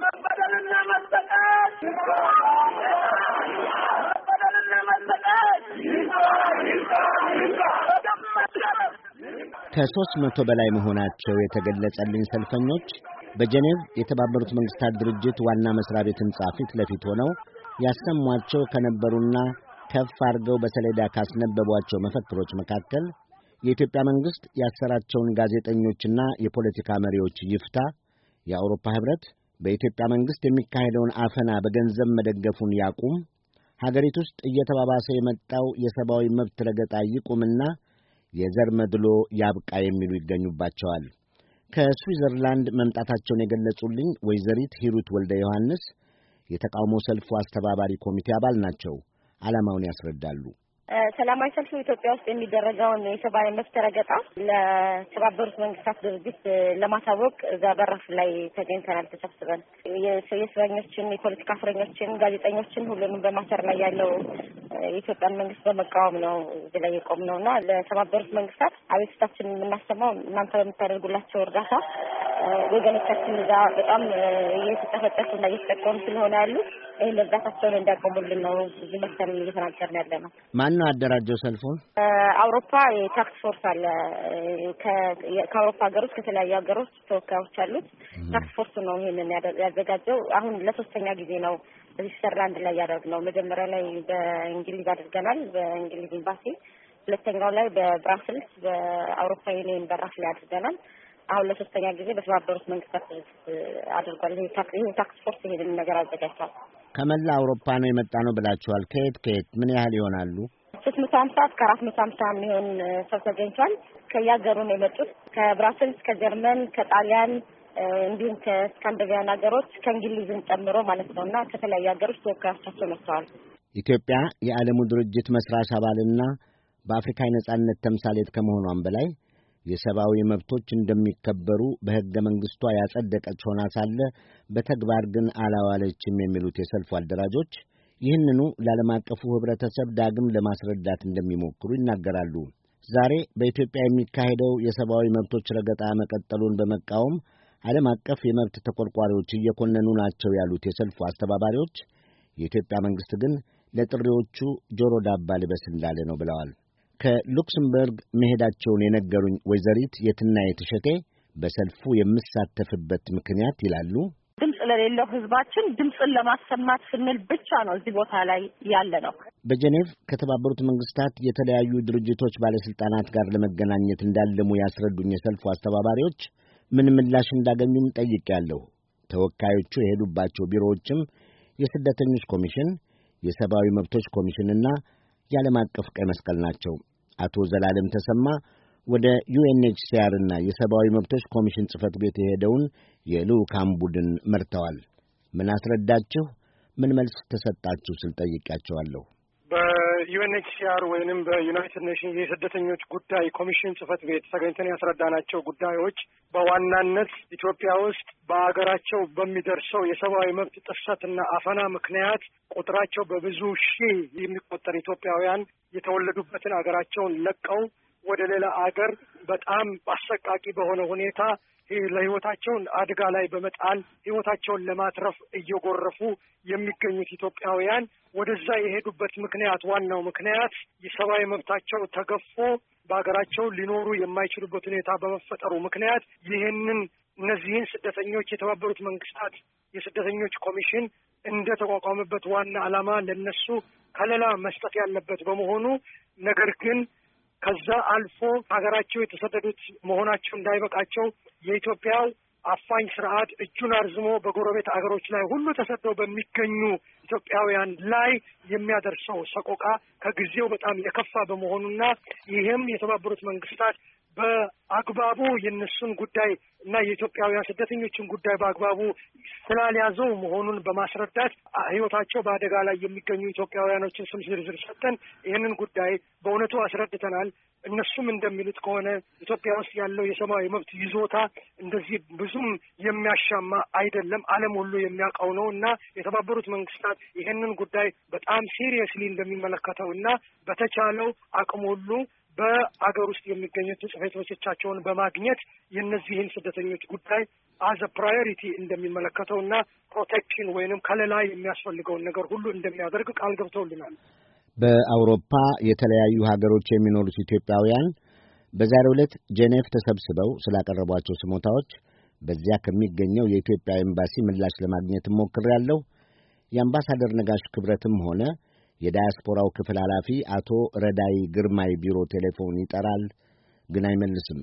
መበደልና መሰቀል መበደልና መሰቀል መቶ በላይ መሆናቸው የተገለጸልኝ ሰልፈኞች በጀኔቭ የተባበሩት መንግስታት ድርጅት ዋና መስሪያ ቤት ሕንጻ ፊት ለፊት ሆነው ያሰሟቸው ከነበሩና ከፍ አድርገው በሰሌዳ ካስነበቧቸው መፈክሮች መካከል የኢትዮጵያ መንግስት ያሰራቸውን ጋዜጠኞችና የፖለቲካ መሪዎች ይፍታ፣ የአውሮፓ ኅብረት በኢትዮጵያ መንግሥት የሚካሄደውን አፈና በገንዘብ መደገፉን ያቁም፣ ሀገሪቱ ውስጥ እየተባባሰ የመጣው የሰብአዊ መብት ረገጣ ይቁምና የዘር መድሎ ያብቃ የሚሉ ይገኙባቸዋል። ከስዊዘርላንድ መምጣታቸውን የገለጹልኝ ወይዘሪት ሂሩት ወልደ ዮሐንስ የተቃውሞ ሰልፉ አስተባባሪ ኮሚቴ አባል ናቸው። ዓላማውን ያስረዳሉ። ሰላማዊ ሰልፉ ኢትዮጵያ ውስጥ የሚደረገውን የሰብአዊ መብት ረገጣ ለተባበሩት መንግስታት ድርጅት ለማሳወቅ እዛ በራፍ ላይ ተገኝተናል ተሰብስበን የእስረኞችን፣ የፖለቲካ እስረኞችን፣ ጋዜጠኞችን ሁሉንም በማሰር ላይ ያለው የኢትዮጵያን መንግስት በመቃወም ነው እዚህ ላይ የቆም ነው እና ለተባበሩት መንግስታት አቤቱታችን የምናሰማው እናንተ በምታደርጉላቸው እርዳታ ወገኖቻችን እዛ በጣም እና እየተጠቀሙ ስለሆነ ያሉት ይህ መብዛታቸውን እንዲያቆሙልን ነው እዚህ መሰል እየተናገርን ያለ ነው። ማን ነው አደራጀው ሰልፉን? አውሮፓ የታክስ ፎርስ አለ። ከአውሮፓ ሀገሮች ከተለያዩ ሀገሮች ተወካዮች አሉት። ታክስ ፎርስ ነው ይህንን ያዘጋጀው። አሁን ለሶስተኛ ጊዜ ነው ስዊዘርላንድ ላይ ያደረግነው። መጀመሪያ ላይ በእንግሊዝ አድርገናል፣ በእንግሊዝ ኤምባሲ። ሁለተኛው ላይ በብራስልስ በአውሮፓ ዩኒየን በራስ ላይ አድርገናል። አሁን ለሶስተኛ ጊዜ በተባበሩት መንግስታት ድርጅት አድርጓል። ይሄ ታክስ ፎርስ ይሄንን ነገር አዘጋጅቷል። ከመላ አውሮፓ ነው የመጣ ነው ብላችኋል። ከየት ከየት ምን ያህል ይሆናሉ? ሶስት መቶ ሀምሳ እስከ አራት መቶ ሀምሳ የሚሆን ሰው ተገኝቷል። ከየሀገሩ ነው የመጡት ከብራስልስ፣ ከጀርመን፣ ከጣሊያን እንዲሁም ከስካንዲኔቪያን ሀገሮች ከእንግሊዝን ጨምሮ ማለት ነው እና ከተለያዩ ሀገሮች ተወካዮቻቸው መጥተዋል። ኢትዮጵያ የዓለሙ ድርጅት መስራች አባልና በአፍሪካ የነጻነት ተምሳሌት ከመሆኗም በላይ የሰብአዊ መብቶች እንደሚከበሩ በሕገ መንግሥቷ ያጸደቀች ሆና ሳለ በተግባር ግን አላዋለችም የሚሉት የሰልፉ አደራጆች ይህንኑ ለዓለም አቀፉ ኅብረተሰብ ዳግም ለማስረዳት እንደሚሞክሩ ይናገራሉ። ዛሬ በኢትዮጵያ የሚካሄደው የሰብአዊ መብቶች ረገጣ መቀጠሉን በመቃወም ዓለም አቀፍ የመብት ተቆርቋሪዎች እየኮነኑ ናቸው ያሉት የሰልፉ አስተባባሪዎች የኢትዮጵያ መንግሥት ግን ለጥሪዎቹ ጆሮ ዳባ ልበስ እንዳለ ነው ብለዋል። ከሉክሰምበርግ መሄዳቸውን የነገሩኝ ወይዘሪት የትና እሸቴ በሰልፉ የምሳተፍበት ምክንያት ይላሉ ድምፅ ለሌለው ህዝባችን ድምፅን ለማሰማት ስንል ብቻ ነው እዚህ ቦታ ላይ ያለ ነው። በጀኔቭ ከተባበሩት መንግስታት የተለያዩ ድርጅቶች ባለስልጣናት ጋር ለመገናኘት እንዳለሙ ያስረዱኝ የሰልፉ አስተባባሪዎች ምን ምላሽ እንዳገኙም ጠይቄያለሁ። ተወካዮቹ የሄዱባቸው ቢሮዎችም የስደተኞች ኮሚሽን፣ የሰብአዊ መብቶች ኮሚሽንና የዓለም አቀፍ ቀይ መስቀል ናቸው። አቶ ዘላለም ተሰማ ወደ እና የሰብአዊ መብቶች ኮሚሽን ጽህፈት ቤት የሄደውን የልዑካን ቡድን መርተዋል። ምን አስረዳችሁ፣ ምን መልስ ተሰጣችሁ ስል ጠይቄያቸዋለሁ። በዩኤንኤችሲአር ወይንም በዩናይትድ ኔሽንስ የስደተኞች ጉዳይ ኮሚሽን ጽህፈት ቤት ተገኝተን ያስረዳናቸው ጉዳዮች በዋናነት ኢትዮጵያ ውስጥ በሀገራቸው በሚደርሰው የሰብአዊ መብት ጥሰትና አፈና ምክንያት ቁጥራቸው በብዙ ሺህ የሚቆጠር ኢትዮጵያውያን የተወለዱበትን ሀገራቸውን ለቀው ወደ ሌላ አገር በጣም አሰቃቂ በሆነ ሁኔታ ለህይወታቸውን አደጋ ላይ በመጣል ህይወታቸውን ለማትረፍ እየጎረፉ የሚገኙት ኢትዮጵያውያን ወደዛ የሄዱበት ምክንያት ዋናው ምክንያት የሰብአዊ መብታቸው ተገፎ በሀገራቸው ሊኖሩ የማይችሉበት ሁኔታ በመፈጠሩ ምክንያት ይህንን እነዚህን ስደተኞች የተባበሩት መንግስታት የስደተኞች ኮሚሽን እንደተቋቋመበት ዋና ዓላማ ለነሱ ከለላ መስጠት ያለበት በመሆኑ ነገር ግን ከዛ አልፎ ሀገራቸው የተሰደዱት መሆናቸው እንዳይበቃቸው የኢትዮጵያው አፋኝ ስርዓት እጁን አርዝሞ በጎረቤት አገሮች ላይ ሁሉ ተሰደው በሚገኙ ኢትዮጵያውያን ላይ የሚያደርሰው ሰቆቃ ከጊዜው በጣም የከፋ በመሆኑና ይህም የተባበሩት መንግስታት በአግባቡ የእነሱን ጉዳይ እና የኢትዮጵያውያን ስደተኞችን ጉዳይ በአግባቡ ስላልያዘው መሆኑን በማስረዳት ሕይወታቸው በአደጋ ላይ የሚገኙ ኢትዮጵያውያኖችን ስም ዝርዝር ሰጠን። ይህንን ጉዳይ በእውነቱ አስረድተናል። እነሱም እንደሚሉት ከሆነ ኢትዮጵያ ውስጥ ያለው የሰብአዊ መብት ይዞታ እንደዚህ ብዙም የሚያሻማ አይደለም። ዓለም ሁሉ የሚያውቀው ነው እና የተባበሩት መንግስታት ይህንን ጉዳይ በጣም ሲሪየስሊ እንደሚመለከተው እና በተቻለው አቅም ሁሉ በአገር ውስጥ የሚገኙት ጽሕፈት ቤቶቻቸውን በማግኘት የእነዚህን ስደተኞች ጉዳይ አዘ ፕራዮሪቲ እንደሚመለከተው እና ፕሮቴክሽን ወይንም ከለላ የሚያስፈልገውን ነገር ሁሉ እንደሚያደርግ ቃል ገብተውልናል። በአውሮፓ የተለያዩ ሀገሮች የሚኖሩት ኢትዮጵያውያን በዛሬው ዕለት ጄኔቭ ተሰብስበው ስላቀረቧቸው ስሞታዎች በዚያ ከሚገኘው የኢትዮጵያ ኤምባሲ ምላሽ ለማግኘት ሞክሬያለሁ። የአምባሳደር ነጋሽ ክብረትም ሆነ የዳያስፖራው ክፍል ኃላፊ አቶ ረዳይ ግርማይ ቢሮ ቴሌፎን ይጠራል፣ ግን አይመልስም።